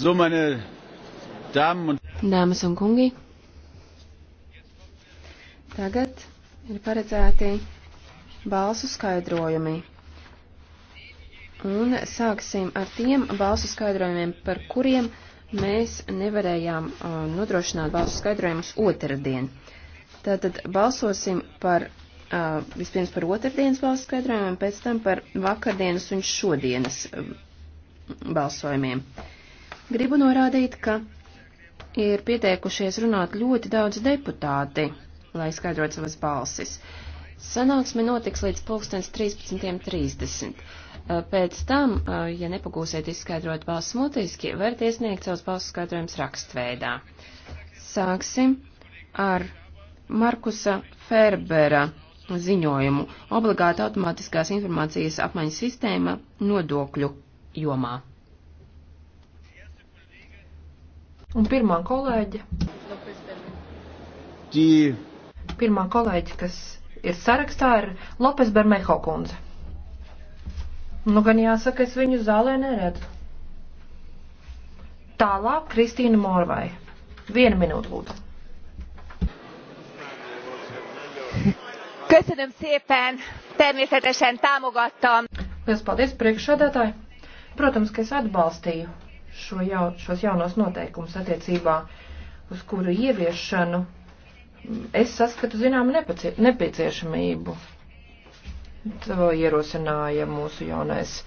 So, meine Damen und Dāmas un kungi, tagad ir paredzēti balsu skaidrojumi. Un sāksim ar tiem balsu skaidrojumiem, par kuriem mēs nevarējām uh, nodrošināt balsu skaidrojumus otrdien. Tātad balsosim par, uh, vispirms par otrdienas balsu skaidrojumiem, pēc tam par vakardienas un šodienas uh, balsojumiem. Uh, Gribu norādīt, ka ir pieteikušies runāt ļoti daudz deputāti, lai skaidrotu savas balsis. Sanāksme notiks līdz pulkstens 13.30. Pēc tam, ja nepagūsiet izskaidrot balsis mutiski, varat iesniegt savus balsu skaidrojumus rakstveidā. Sāksim ar Markusa Ferbera ziņojumu - obligāta automātiskās informācijas apmaiņas sistēma nodokļu jomā. Un pirmā kolēģe. Die. Pirmā kolēģe, kas ir sarakstā, ir Lopes Bermeho kundze. Nu, gan jāsaka, es viņu zālē neredzu. Tālāk Kristīna Morvai. Vienu minūtu lūdzu. Köszönöm szépen, természetesen támogattam. Liels paldies priekšsādātāji. Protams, ka es atbalstīju šo jau, šos jaunos noteikumus attiecībā uz kuru ieviešanu mm, es saskatu zināmu nepieciešamību. To ierosināja mūsu jaunais